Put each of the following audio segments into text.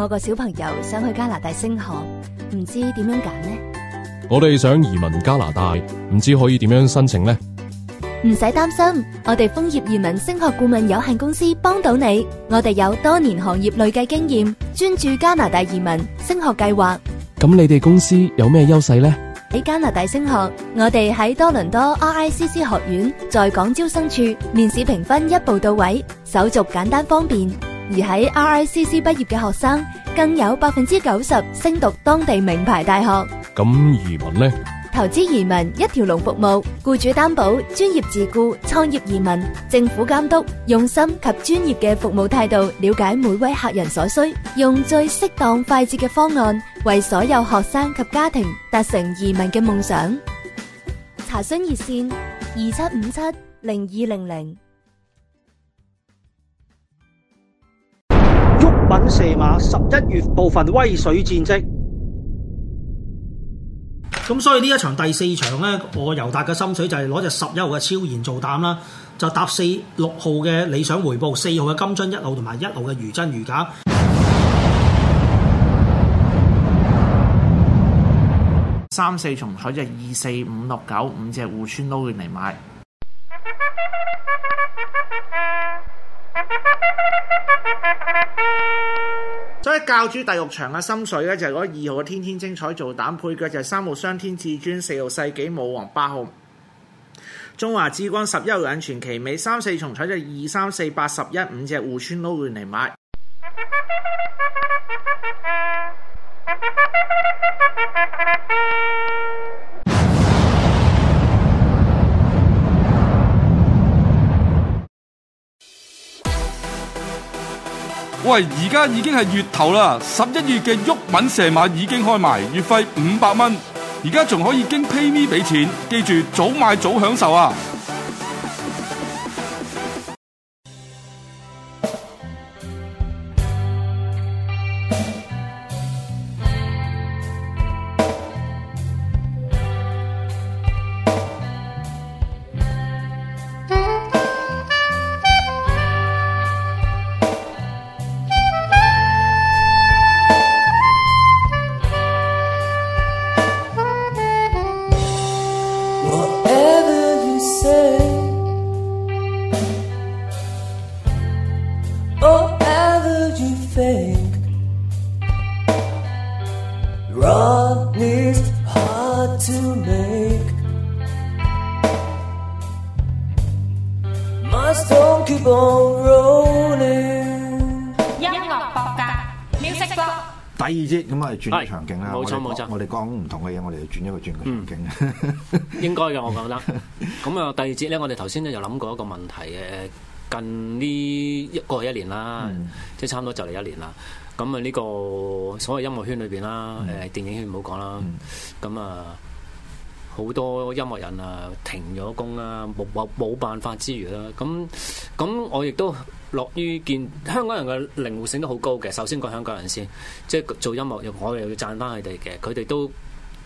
我個小朋友想去加拿大升學，唔知點樣揀呢？我哋想移民加拿大，唔知可以點樣申請呢？唔使擔心，我哋楓葉移民升學顧問有限公司幫到你。我哋有多年行業累計經驗，專注加拿大移民升學計劃。咁你哋公司有咩優勢呢？喺加拿大升學，我哋喺多倫多 RICC 學院在港招生處，面試評分一步到位，手續簡單方便。而喺 RICC 畢業嘅學生，更有百分之九十升讀當地名牌大學。咁移民呢？投資移民一條龍服務，僱主擔保、專業自僱、創業移民、政府監督，用心及專業嘅服務態度，了解每位客人所需，用最適當、快捷嘅方案，為所有學生及家庭達成移民嘅夢想。查詢熱線：二七五七零二零零。品射馬十一月部分威水戰績，咁所以呢一場第四場呢，我尤達嘅心水就係攞隻十一號嘅超然做膽啦，就搭四六號嘅理想回報，四號嘅金樽一路同埋一路嘅如真如假，三四重彩就二四五六九五隻互穿撈亂嚟買。 教主第六場啊，心水咧就係嗰二號嘅天天精彩做膽配腳，就係三號雙天至尊、四號世紀武王、八號中華志軍、十一號隱泉其美，三四重彩就係二三四八十一五隻互穿撈亂嚟買。喂，而家已經係月頭啦，十一月嘅沃敏射馬已經開埋，月費五百蚊，而家仲可以經 PayMe 俾錢，記住早買早享受啊！第二節，咁我哋轉個場景啦，冇錯，冇錯。我哋講唔同嘅嘢，我哋就轉一個轉個場景。嗯、 應該嘅，我覺得。咁啊， 第二節咧，我哋頭先咧又諗過一個問題嘅，近呢一過去一年啦，嗯、即係差唔多就嚟一年啦。咁啊，呢個所謂音樂圈裏邊啦，誒、嗯，電影圈唔好講啦，咁啊、嗯。嗯好多音樂人啊，停咗工啦、啊，冇冇冇辦法之餘啦、啊。咁咁，我亦都樂於見香港人嘅靈活性都好高嘅。首先講香港人先，即係做音樂，我哋要讚返佢哋嘅。佢哋都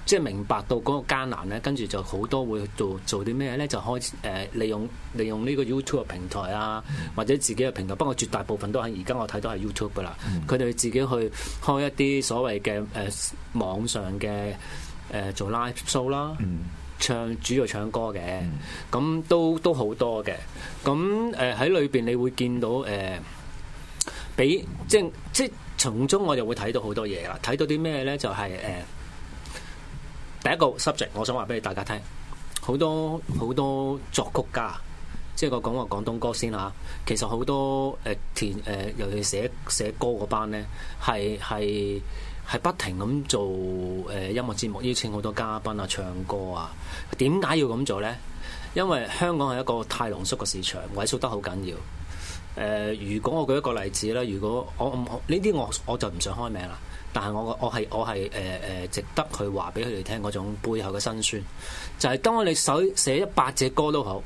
即係明白到嗰個艱難咧，跟住就好多會做做啲咩咧，就開始誒、呃、利用利用呢個 YouTube 嘅平台啊，嗯、或者自己嘅平台。不過絕大部分都係而家我睇到係 YouTube 噶啦，佢哋、嗯、自己去開一啲所謂嘅誒、呃、網上嘅。誒、呃、做 live show 啦，唱主要唱歌嘅，咁都都好多嘅。咁誒喺裏邊你會見到誒、呃，畀即即，即從中我就會睇到好多嘢啦。睇到啲咩咧？就係、是、誒、呃、第一個 subject，我想話俾你大家聽。好多好多作曲家，即係我講話廣東歌先嚇。其實好多誒、呃、填誒、呃、尤其是寫，寫，寫歌嗰班咧，係係。係不停咁做誒音樂節目，邀請好多嘉賓啊，唱歌啊。點解要咁做呢？因為香港係一個太濃縮嘅市場，萎縮得好緊要。誒、呃，如果我舉一個例子啦，如果我唔呢啲我我，我，我就唔想開名啦。但係我我係我係誒誒值得去話俾佢哋聽嗰種背後嘅辛酸。就係、是、當你手寫一百隻歌都好，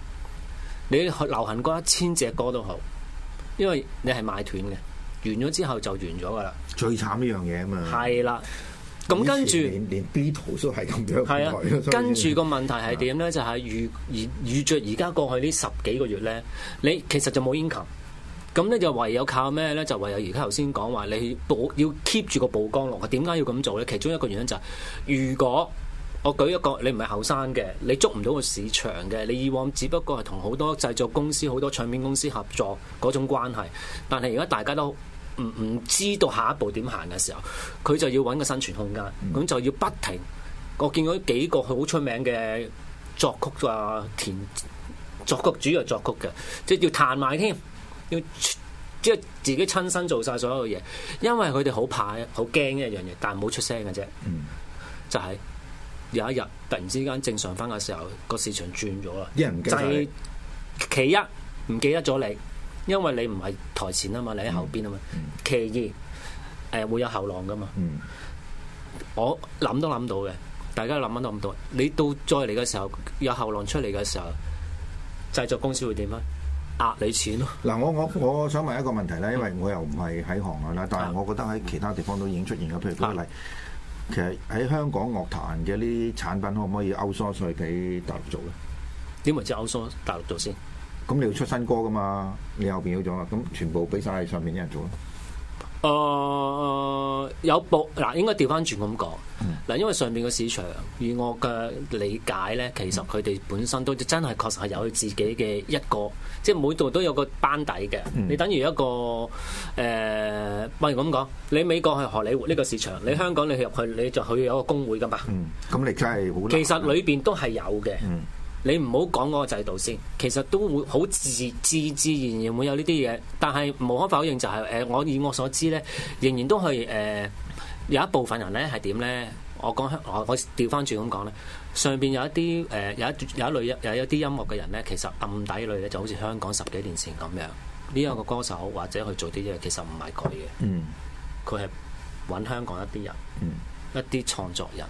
你流行歌一千隻歌都好，因為你係買斷嘅。完咗之後就完咗噶啦，最慘呢樣嘢啊嘛，係啦的，咁跟住連連 B 圖都係咁樣，係啊，跟住個問題係點咧？就係、是、預預預，預著而家過去呢十幾個月咧，你其實就冇 income，咁咧就唯有靠咩咧？就唯有而家頭先講話，你保要 keep 住個曝光率，點解要咁做咧？其中一個原因就係、是，如果我舉一個，你唔係後生嘅，你捉唔到個市場嘅，你以往只不過係同好多製作公司、好多唱片公司合作嗰種關係，但係而家大家都唔唔知道下一步點行嘅時候，佢就要搵個生存空間，咁、嗯、就要不停。我見過幾個好出名嘅作曲啊，填作曲主要作曲嘅，即係要彈埋添，要即係自己親身做晒所有嘢。因為佢哋好怕、好驚一樣嘢，但係冇出聲嘅啫。嗯、就係有一日突然之間正常返嘅時候，個市場轉咗啦，一唔記得。就係其一唔記得咗你。因為你唔係台前啊嘛，你喺後邊啊嘛，嗯嗯、其二誒、呃、會有後浪㗎嘛，嗯、我諗都諗到嘅，大家諗唔諗到？你到再嚟嘅時候，有後浪出嚟嘅時候，製作公司會點啊？壓你錢咯！嗱，我我我想問一個問題咧，因為我又唔係喺行內啦，但係我覺得喺其他地方都已經出現咗。譬如舉例，其實喺香港樂壇嘅呢啲產品可唔可以 outsource 出去俾大陸做咧？點為之 outsource 大陸做先？咁、嗯、你要出新歌噶嘛？你後邊要咗啦，咁全部俾晒上面啲人做咯。誒、呃、有部嗱，應該調翻轉咁講嗱，嗯、因為上面個市場，以我嘅理解咧，其實佢哋本身都真係、嗯、確實係有佢自己嘅一個，即係每度都有個班底嘅。嗯、你等於一個誒，不如咁講，你美國係荷里活呢個市場，嗯、你香港你入去，你就去有個工會噶嘛嗯嗯，嗯，咁你真係好。其實裏邊都係有嘅。你唔好講嗰個制度先，其實都會好自自自然然會有呢啲嘢，但係無可否認就係、是、誒、呃，我以我所知咧，仍然都係誒、呃、有一部分人咧係點咧？我講，我我調翻轉咁講咧，上邊有一啲誒、呃、有一有一類有一啲音樂嘅人咧，其實暗底裏咧就好似香港十幾年前咁樣，呢、這、一個歌手或者去做啲嘢，其實唔係佢嘅，佢係揾香港一啲人，嗯、一啲創作人，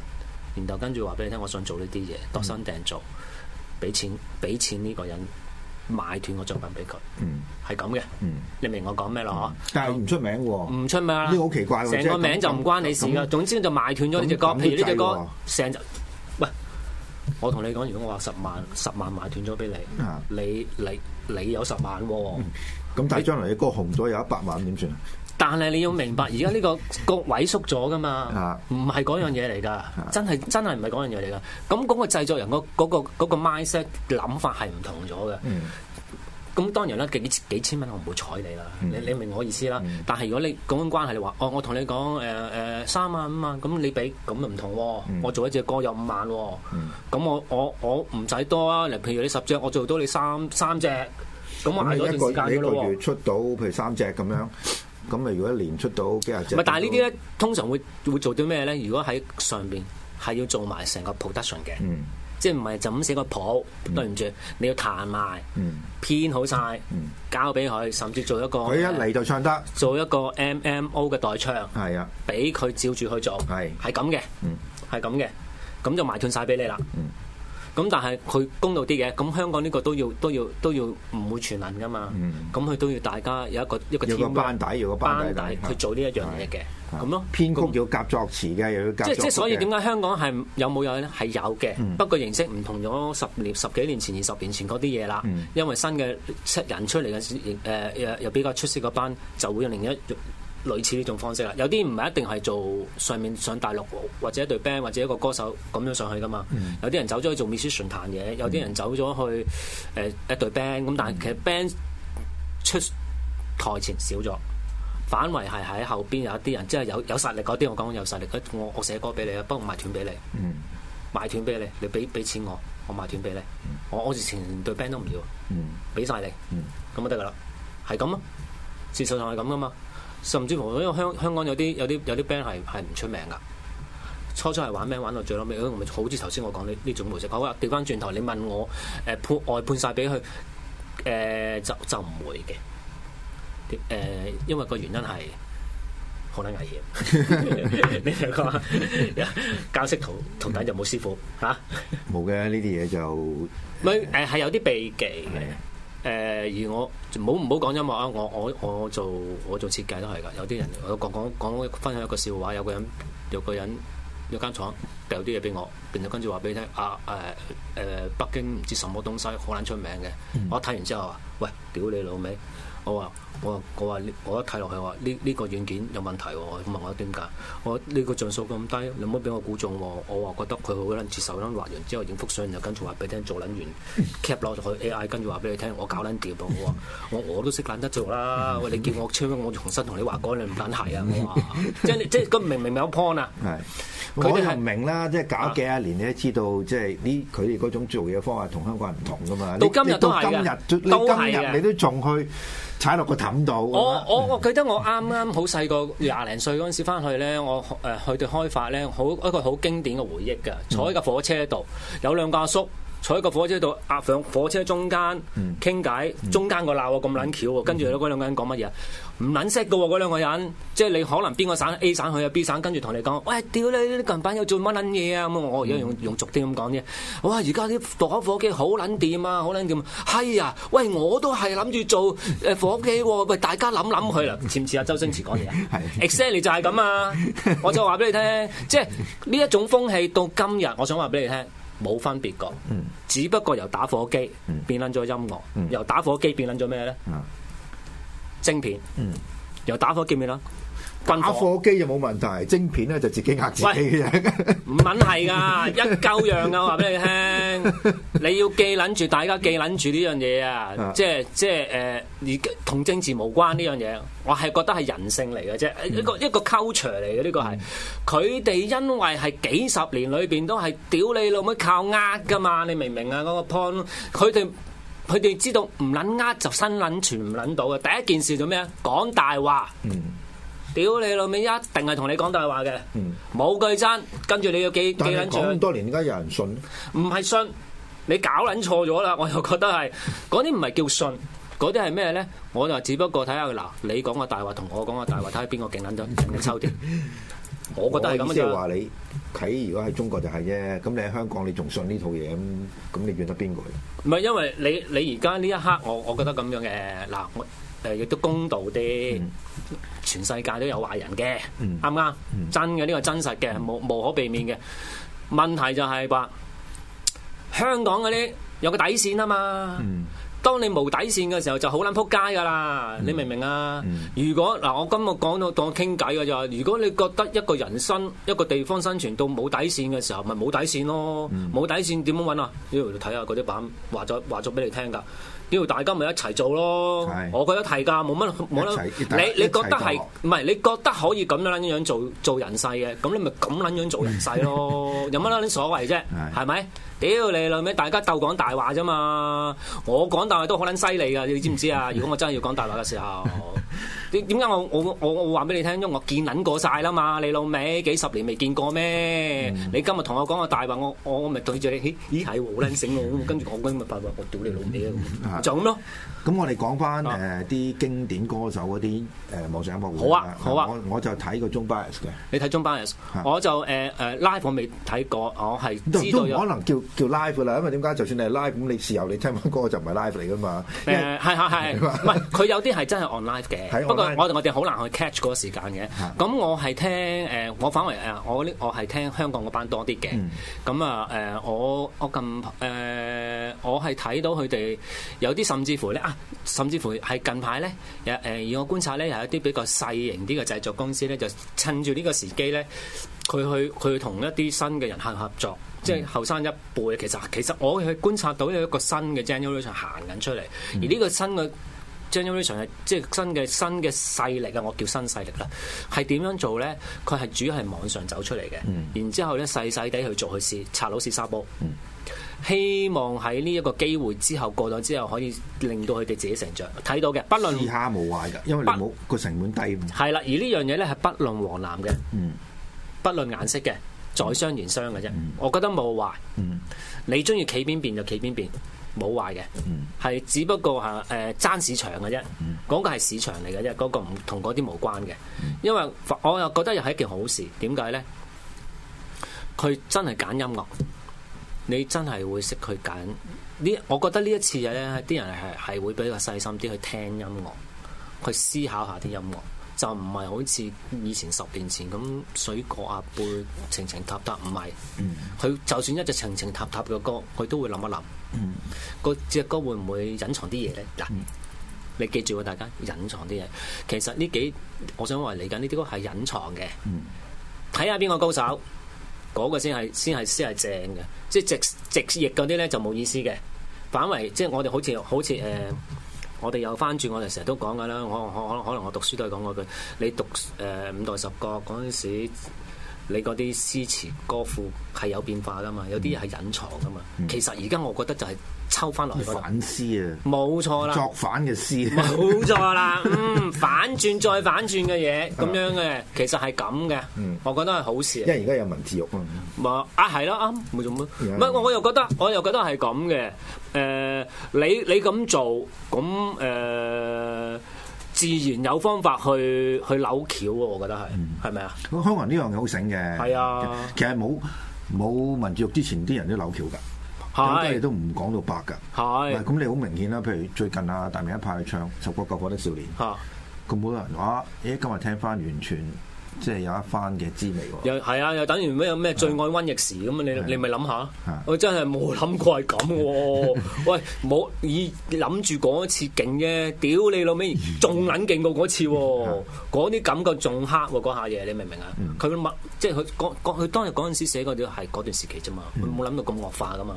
然後跟住話俾你聽，我想做呢啲嘢，度身訂造。俾錢俾錢呢個人買斷個作品俾佢，嗯，係咁嘅，嗯，你明我講咩咯？但係唔出名喎，唔出名呢個好奇怪，成個名就唔關你事噶。總之就買斷咗呢隻歌，譬如呢隻歌成，喂，我同你講，如果我話十萬十萬買斷咗俾你，你你你有十萬喎，咁睇將來嘅歌紅咗有一百萬點算啊？但係你要明白，而家呢個個萎縮咗噶嘛，唔係嗰樣嘢嚟噶，真係真係唔係嗰樣嘢嚟噶。咁嗰個製作人、嗰個嗰、嗰個、mindset 諗法係唔同咗嘅。咁、嗯、當然啦，幾千幾千蚊我唔會睬你啦、嗯，你你明我意思啦。嗯、但係如果你講緊關,關係，你話哦，我同你講誒誒三萬五萬，咁你俾咁就唔同喎。嗯、我做一隻歌有五萬喎、哦，咁、嗯、我我我唔使多啊。例如譬如你十隻，我做到你三三隻，咁我係嗰段時間嘅咯月出到，譬如三隻咁樣。咁咪如果一年出到幾廿隻？唔係，但係呢啲咧通常會會做到咩咧？如果喺上邊係要做埋成個 production 嘅，嗯、即係唔係就咁寫個譜。嗯、對唔住，你要彈埋，嗯、編好晒，交俾佢，甚至做一個佢一嚟就唱得，做一個 MMO 嘅代唱，係啊，俾佢照住去做，係、啊，係咁嘅，係咁嘅，咁、嗯、就埋斷晒俾你啦。嗯咁但係佢公道啲嘅，咁香港呢個都要都要都要唔會全能㗎嘛。咁佢、嗯、都要大家有一個一個。有個班底，有個班底，去做呢一樣嘢嘅，咁的咯。編曲要夾作詞嘅，又要夾。即即所以點解香港係有冇有呢？係有嘅，嗯、不過形式唔同咗十年十幾年前二十年前嗰啲嘢啦。嗯、因為新嘅出人出嚟嘅誒又比較出色嗰班就會有另一。類似呢種方式啦，有啲唔係一定係做上面上大陸或者一隊 band 或者一個歌手咁樣上去噶嘛。Mm. 有啲人走咗去做 musician 彈嘢，mm. 有啲人走咗去誒、呃、一隊 band。咁但係其實 band 出台前少咗，反為係喺後邊有一啲人，即係有有實力嗰啲。我講有實力，我我我寫歌俾你啊，幫我賣斷俾你。Mm. 賣斷俾你，你俾俾錢我，我賣斷俾你。Mm. 我我以前隊 band 都唔要，俾晒你，咁、mm. 就得噶啦，係咁啊，事實上係咁噶嘛。甚至乎，因為香香港有啲有啲有啲 band 係係唔出名噶，初初係玩咩？玩到最尾，咁好似頭先我講呢呢種模式。好啦，掉翻轉頭你問我誒判外判晒俾佢誒，就就唔會嘅誒、呃，因為個原因係好撚危險。你 教識徒徒弟就冇師傅嚇。冇嘅呢啲嘢就咪誒係有啲秘技嘅。 誒而我冇，唔好講音樂啊！我我我做我做設計都係㗎。有啲人，我講講講分享一個笑話，有個人有個人有間廠掉啲嘢俾我，然後跟住話俾你聽啊誒誒、啊啊啊、北京唔知什麼東西好難出名嘅，我一睇完之後，喂屌你老味！我話我話我話我一睇落去話呢呢個軟件有問題喎，問我點解？我呢個像素咁低，你唔好俾我估中喎？我話覺得佢好撚接受。撚畫完之後影幅相又跟住話俾聽做撚完 cap 落去 AI 跟住話俾你聽，我搞撚掂咯。我話我我都識撚得做啦，喂，你叫我超，我重新同你話講你唔撚係啊！即係即係咁明唔明有 point 啊？係，佢哋唔明啦，即係搞幾廿年，你都知道即係呢佢哋嗰種做嘢方法同香港人唔同噶嘛？到今日都係嘅，到今日你都仲去。踩落個氹度，我我我記得我啱啱好細個廿零歲嗰陣時翻去咧，我誒、呃、去對開發咧，好一個好經典嘅回憶㗎，坐喺架火車度有兩個阿叔，叔。坐喺個火車度，壓上火車中間傾偈，中間個鬧咁撚巧喎，跟住咧嗰兩個人講乜嘢？唔撚識嘅喎，嗰兩個人，即係你可能邊個省 A 省去啊 B 省，跟住同你講，喂，屌你啲近排又做乜撚嘢啊？咁我而家用用俗啲咁講啫，哇！而家啲火機好撚掂啊，好撚掂，係啊！喂，我都係諗住做誒火機喎，喂，大家諗諗佢啦，似唔似阿周星馳講嘢 Excel 就係咁啊，我就話俾你聽，即係呢一種風氣到今日，我想話俾你聽。冇分別個，嗯、只不過由打火機變撚咗音樂，嗯、由打火機變撚咗咩咧？啊、晶片，嗯、由打火機變咩啦？打火機又冇問題，晶片咧就自己壓自己嘅啫。喂，唔撚係噶， 一鳩樣噶，我話俾你聽。 你要記捻住，大家記捻住呢樣嘢啊！即係即係誒，而、呃、同政治無關呢樣嘢，我係覺得係人性嚟嘅啫，嗯、一個一、個 culture 嚟嘅呢個係。佢哋、嗯、因為係幾十年裏邊都係屌你老妹靠壓噶嘛，你明唔明啊？嗰、嗰個 point，佢哋佢哋知道唔捻壓就新捻存唔捻到嘅。第一件事做咩啊？講大話。屌你老味，一定係同你講大話嘅、嗯、，冇句真。跟住你要記記捻咁多年，點解有人信唔係信，你搞捻錯咗啦！我又覺得係嗰啲唔係叫信，嗰啲係咩咧？我就只不過睇下嗱，你講個大話同我講個大話，睇下邊個勁捻咗。勁抽啲。我覺得係咁樣。即係話你喺如果喺中國就係啫，咁你喺香港你仲信套你呢套嘢咁？咁你怨得邊個咧？唔係，因為你你而家呢一刻，我我覺得咁樣嘅嗱。亦都公道啲，嗯、全世界都有壞人嘅，啱唔啱？吧嗯、真嘅呢個真實嘅，嗯、無無可避免嘅問題就係、是、話香港嗰啲有個底線啊嘛。嗯、當你冇底線嘅時候，就好撚撲街噶啦。嗯、你明唔明啊？如果嗱，我今日講到當我傾偈嘅就係，如果你覺得一個人生一個地方生存到冇底線嘅時候，咪冇底線咯。冇底線點樣揾啊？呢度睇下嗰啲版話咗話咗俾你聽㗎。要大家咪一齊做咯，我覺得係㗎，冇乜冇你你覺得係唔係？你覺得可以咁撚樣做做人世嘅，咁你咪咁撚樣做人世咯，有乜撚所謂啫？係咪？屌你老味，大家鬥講大話啫嘛！我講大話都好撚犀利㗎，你知唔知啊？如果我真係要講大話嘅時候，點解我我我我話俾你聽，因為我見撚過晒啦嘛，你老味幾十年未見過咩？你今日同我講個大話，我我咪對住你，咦咦係好撚醒喎，跟住我咁咪話，我屌你老味！」就咁咯。咁我哋講翻誒啲經典歌手嗰啲誒網上音樂會啦。好啊，好啊。我我就睇過 Joan Baez 嘅。你睇 Joan Baez？我就誒誒 live 我未睇過，我係知道，可能叫叫 live 噶啦。因為點解？就算你係 live，你事後你聽翻歌就唔係 live 嚟噶嘛。誒係啊係，係佢有啲係真係 on live 嘅。不過我我哋好難去 catch 嗰個時間嘅。咁我係聽誒，我反為誒，我我係聽香港嗰班多啲嘅。咁啊誒，我我近誒。我係睇到佢哋有啲甚至乎咧啊，甚至乎係近排咧，誒而、呃、我觀察咧，有一啲比較細型啲嘅製作公司咧，就趁住呢個時機咧，佢去去同一啲新嘅人客合作，即係後生一輩。其實其實我去觀察到有一個新嘅 generation 行緊出嚟，而呢個新嘅將 generation 係即係新嘅新嘅勢力啊，我叫新勢力啦，係點樣做咧？佢係主要係網上走出嚟嘅，然之後咧，細細地去做去試，擦老是沙煲，希望喺呢一個機會之後過咗之後，可以令到佢哋自己成長。睇到嘅，不論以下冇壞㗎，因為你冇個成本低。係啦，而呢樣嘢咧係不論黃藍嘅，不論顏色嘅，在商言商嘅啫。我覺得冇壞。嗯，你中意企邊邊就企邊邊。冇壞嘅，係、嗯、只不過係誒爭市場嘅啫。嗰、嗯、個係市場嚟嘅啫，嗰、嗰個唔同嗰啲無關嘅。因為我又覺得又係一件好事，點解咧？佢真係揀音樂，你真係會識佢揀。呢，我覺得呢一次嘢咧，啲人係係會比較細心啲去聽音樂，去思考下啲音樂。就唔係好似以前十年前咁水過阿貝情情塔塔，唔係，佢就算一隻情情塔塔嘅歌，佢都會諗一諗嗰隻歌會唔會隱藏啲嘢咧？嗱，嗯、你記住啊，大家隱藏啲嘢。其實呢幾，我想話嚟緊呢啲歌係隱藏嘅。睇下邊個高手，嗰、嗰個先係先係先係正嘅。即係直直譯嗰啲咧就冇意思嘅。反為即係我哋好似好似誒。呃我哋有翻轉我，我哋成日都講噶啦。我我可能我讀書都係講嗰句：你讀誒五代十國嗰陣時，你嗰啲詩詞歌賦係有變化噶嘛？有啲嘢係隱藏噶嘛。其實而家我覺得就係。抽翻落去，反思啊！冇錯啦，作反嘅思冇錯啦，嗯，反轉再反轉嘅嘢咁樣嘅，其實係咁嘅。我覺得係好事，因為而家有文字獄啊嘛。啊，係咯啱，冇做乜，唔係我又覺得我又覺得係咁嘅。誒，你你咁做，咁誒，自然有方法去去扭橋啊！我覺得係，係咪啊？香港人呢樣嘢好醒嘅，係啊。其實冇冇文字獄之前，啲人都扭橋噶。咁都你都唔講到白㗎，係咁的你好明顯啦。譬如最近啊，大明一派唱《十個九個的少年》，咁好多人話，咦！今日聽翻完，完全。即係有一番嘅滋味喎、哦，又係啊，又等於咩咩最愛瘟疫時咁啊！你是你咪諗下，是我真係冇諗過係咁喎！ 喂，冇，以諗住講一次勁啫，屌你老味、哦，仲撚勁過嗰次喎！嗰啲感覺仲黑喎，講下嘢你明唔明啊？佢默即係佢佢當日嗰陣時寫嗰啲係嗰段時期啫嘛，佢冇諗到咁惡化噶嘛。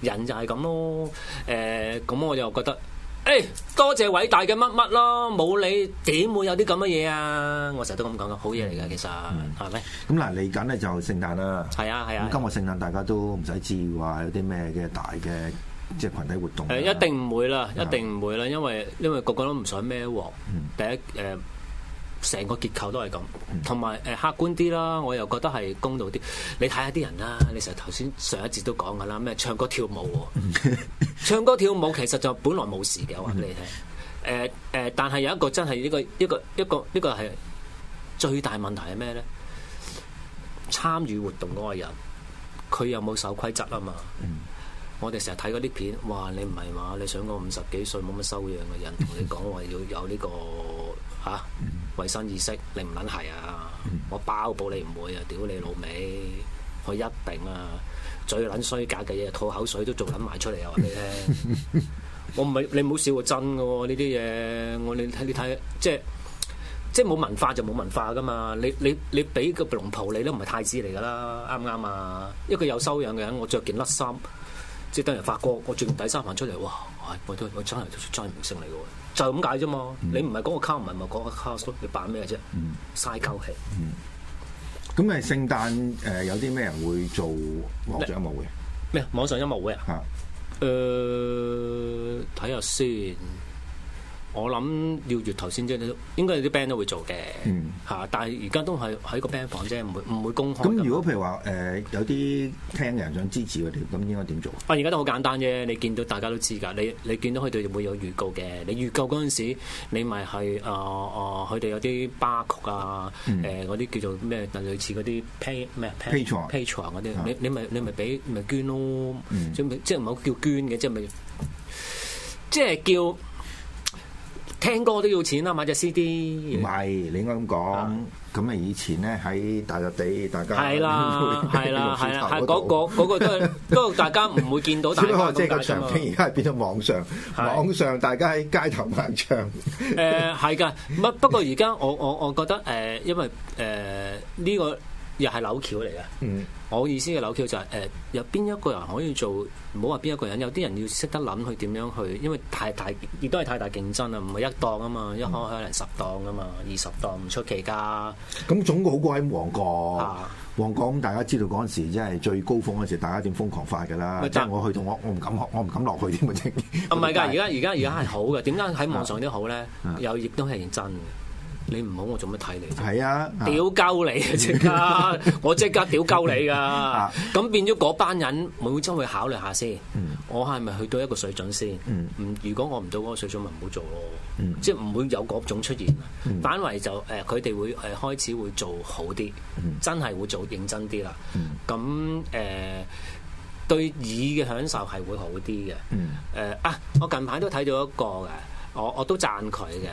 人就係咁咯，誒、呃、咁、嗯嗯嗯嗯嗯、我又覺得。誒、哎，多謝偉大嘅乜乜咯，冇你點會有啲咁嘅嘢啊！我成日都咁講嘅，好嘢嚟嘅其實，係咪、嗯？咁嗱吧，嚟緊咧就聖誕啦，係啊係啊。咁、啊、今日聖誕大家都唔使至話有啲咩嘅大嘅即係群體活動。誒、嗯，一定唔會啦，一定唔會啦，因為因為個個都唔想孭鑊。嗯、第一誒。呃成個結構都係咁，同埋誒客觀啲啦，我又覺得係公道啲。你睇下啲人啦，你成頭先上一節都講㗎啦，咩唱歌跳舞， 唱歌跳舞其實就本來冇事嘅。我話俾你聽，誒、呃、誒、呃，但係有一個真係呢個一個一個一個係最大問題係咩咧？參與活動嗰個人，佢有冇守規則啊？嘛， 我哋成日睇嗰啲片，哇！你唔係嘛？你想個五十幾歲冇乜修養嘅人同你講話要有呢、呢個嚇？啊 衛生意識，你唔捻係啊？嗯、我包保你唔會啊！屌你老味！我一定啊！最捻衰假嘅嘢，吐口水都做捻埋出嚟啊！ 話俾你聽我唔係你唔好笑我真噶喎、哦！呢啲嘢，我你睇你睇，即係即係冇文化就冇文化噶嘛！你你你俾個龍袍你都唔係太子嚟噶啦，啱唔啱啊？一個有修養嘅人，我着件甩衫。即係等人發覺，我轉第三萬出嚟，哇！我、哎、都我真係都算真係明星嚟嘅喎，就係咁解啫嘛。嗯、你唔係講個卡唔係咪講個卡數咯？你扮咩啫？嘥鳩氣。嗯。咁誒，聖誕誒、呃、有啲咩人會做網上音樂會？咩？網上音樂會啊？嚇的。誒、呃，睇下先。我諗要月頭先啫，應該有啲 band 都會做嘅，嚇、嗯！但係而家都係喺個 band 房啫，唔會唔會公開咁。嗯、咁如果譬如話誒、呃，有啲聽嘅人想支持佢哋，咁應該點做啊？而家都好簡單啫！你見到大家都知㗎，你你見到佢哋會有預告嘅。你預告嗰陣時，你咪係啊啊！佢、呃、哋、呃、有啲巴曲啊，誒嗰啲叫做咩？類似嗰啲 pay 咩？pay 床 pay 床嗰啲，你你咪你咪俾咪捐咯。即係即係唔好叫捐嘅，即係咪即係叫。 聽歌都要錢啦，買隻 CD。唔係，你應該咁講。咁啊，以前咧喺大笪地，大家係啦的，係啦， 係啦，係嗰、嗰個嗰、嗰個都係。不過 大家唔會見到大。因為即係個場景，而家係變咗網上。的網上大家喺街頭賣唱。誒係㗎，唔 不過而家我我我覺得誒，因為誒呢個。又係扭橋嚟㗎，嗯、我意思嘅扭橋就係、是、誒、呃，有邊一個人可以做？唔好話邊一個人，有啲人要識得諗佢點樣去，因為太大，亦都係太大競爭啊！唔係一檔啊嘛，一開可能十檔啊嘛，二十檔唔出奇㗎。咁、嗯、總個好過喺旺角，旺角、啊、大家知道嗰陣時，即係最高峰嗰時，大家點瘋狂法㗎啦！真係但我去到我，我唔敢我唔敢落去啲咁唔係㗎，而家而家而家係好嘅，點解喺網上都好咧？有亦都係認真。你唔好我做乜睇你？係啊的，屌鳩你啊！即 刻，我刻，我即刻屌鳩你噶。咁變咗嗰班人，每週去考慮下先。嗯、我係咪去到一個水準先？唔、嗯，如果我唔到嗰個水準，咪唔好做咯。即係唔會有嗰種出現。嗯、反為就誒，佢哋會誒開始會做好啲，真係會做認真啲啦。咁誒、嗯 uh，對耳嘅享受係會好啲嘅。誒、嗯、啊！我近排都睇到一個嘅，我我，我都讚佢嘅。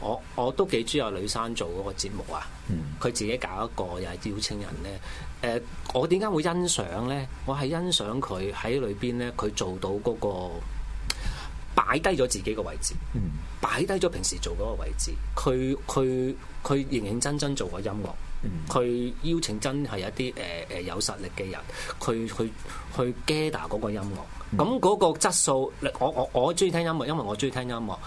我我都幾中意阿呂珊做嗰個節目啊！佢、mm. 自己搞一個又係邀請人咧。誒、呃，我點解會欣賞咧？我係欣賞佢喺裏邊咧，佢做到嗰、那個擺低咗自己嘅位置，擺低咗平時做嗰個位置。佢佢佢認認真真做音真、呃呃、個音樂，佢邀請真係一啲誒誒有實力嘅人，佢去去 gather 嗰個音樂。咁嗰個質素，我我我中意聽音樂，因為我中意聽音樂。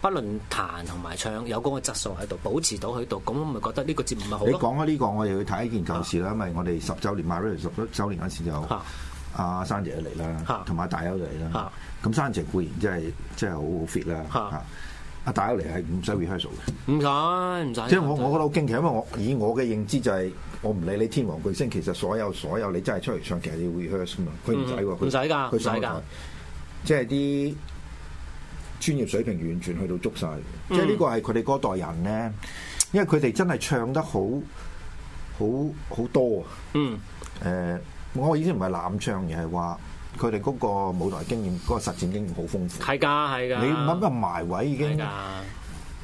不論彈同埋唱有嗰個質素喺度，保持到喺度，咁我咪覺得呢個節目咪好咯。你講開呢個，我哋去睇一件舊事啦，因為我哋十周年 MyRadio 十周年嗰時就阿山爺嚟啦，同埋大優嚟啦。咁山爺固然真係真係好好 fit 啦，阿大優嚟係唔使 rehearsal 嘅，唔使唔使。即係我我覺得好驚奇，因為我以我嘅認知就係，我唔理你天王巨星，其實所有所有你真係出嚟唱，其實你 rehearsal 嘛，佢唔使喎，唔使噶，唔使噶，即係啲。專業水平完全去到捉晒，即係呢個係佢哋嗰代人咧，因為佢哋真係唱得好好好多啊！嗯，誒、呃，我意思唔係攬唱，而係話佢哋嗰個舞台經驗、嗰、嗰個實戰經驗好豐富，係㗎，係㗎，你諗嘢埋位已經㗎？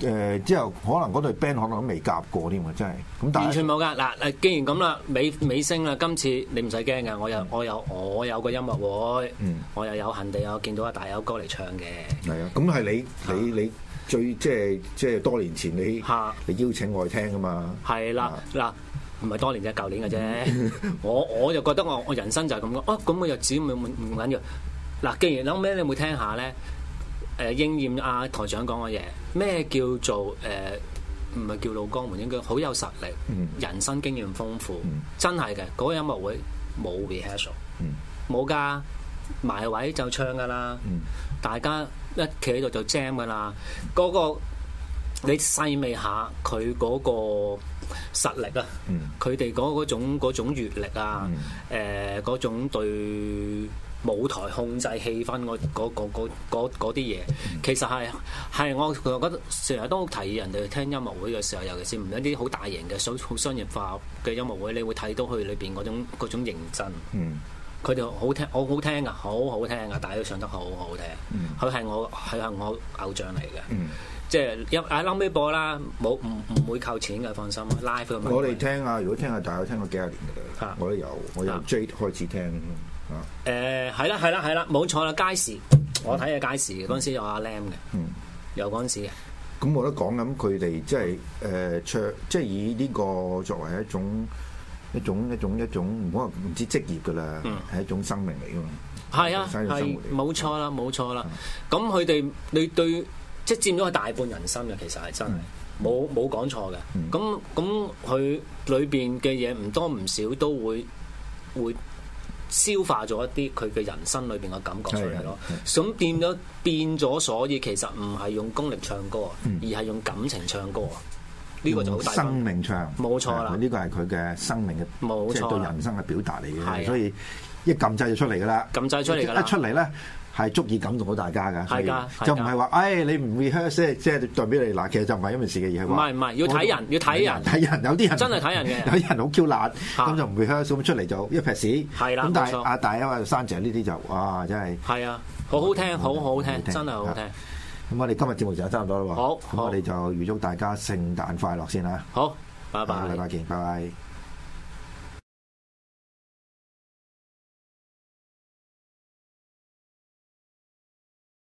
誒之後可能嗰對 band 可能都未夾過添㗎，真係。完全冇㗎嗱！誒，既然咁啦，尾尾聲啦，今次你唔使驚㗎，我有我有我有個音樂會，嗯、我又有幸地有見到阿大友哥嚟唱嘅。係啊，咁係你你的你最即係即係多年前你嚇，的你邀請我去聽㗎嘛？係啦的，嗱，唔係多年啫，舊年嘅啫。 我我就覺得我我人生就係咁嘅，啊，咁個日子唔唔緊要緊。嗱，既然諗咩，你有冇聽下咧？誒應驗阿台長講嘅嘢，咩叫做誒？唔、呃、係叫老江湖，應該好有實力，嗯、人生經驗豐富，嗯、真係嘅。嗰、那個音樂會冇 rehearsal，冇噶，埋、嗯、位就唱噶啦。嗯、大家一企喺度就 jam 噶啦。嗰、嗯那個你細味下佢嗰個實力、嗯、啊，佢哋嗰嗰種嗰種閱歷啊，誒嗰種對。舞台控制氣氛嗰啲嘢，其實係係我，我覺得成日都提人哋聽音樂會嘅時候，尤其是唔一啲好大型嘅、好商業化嘅音樂會，你會睇到佢裏邊嗰種嗰種認真。佢哋好聽好好聽啊，好好聽啊，大家都唱得好好聽。佢係我佢係我偶像嚟嘅。嗯、即係一啊 now we 播啦，冇唔唔會扣錢嘅，放心。live 我哋聽啊，如果聽下，大家聽過幾廿年噶啦，我都有，我由 Jade 開始聽。誒，係啦，係啦，係啦，冇錯啦。街市，我睇下街市嗰陣時有阿 Lam 嘅，嗯，有嗰陣時嘅。咁冇得講啦，佢哋即係誒，即係以呢個作為一種一種一種一種唔好話唔知職業噶啦，係一種生命嚟噶嘛。係啊，係冇錯啦，冇錯啦。咁佢哋你對即係佔咗佢大半人生嘅，其實係真係冇冇講錯嘅。咁咁佢裏邊嘅嘢唔多唔少都會會。消化咗一啲佢嘅人生裏邊嘅感覺出嚟咯，咁變咗變咗，所以其實唔係用功力唱歌，嗯、而係用感情唱歌，呢個就生命唱，冇錯啦。呢個係佢嘅生命嘅，即係對人生嘅表達嚟嘅，的所以一撳掣就出嚟噶啦，撳掣出嚟一出嚟咧。嗯係足以感動到大家㗎，就唔係話，誒你唔會 h e r s e l 即係代表你嗱，其實就唔係咁回事嘅嘢。係話唔係唔係要睇人，要睇人，睇人有啲人真係睇人嘅，有啲人好 Q 辣，咁就唔會 h e r s e l 咁出嚟就一撇屎，係啦，咁但係阿大啊嘛山長呢啲就哇真係係啊，好好聽，好好聽，真係好好聽。咁我哋今日節目就差唔多啦，好，咁我哋就預祝大家聖誕快樂先啦！好，拜拜，禮拜見，拜拜。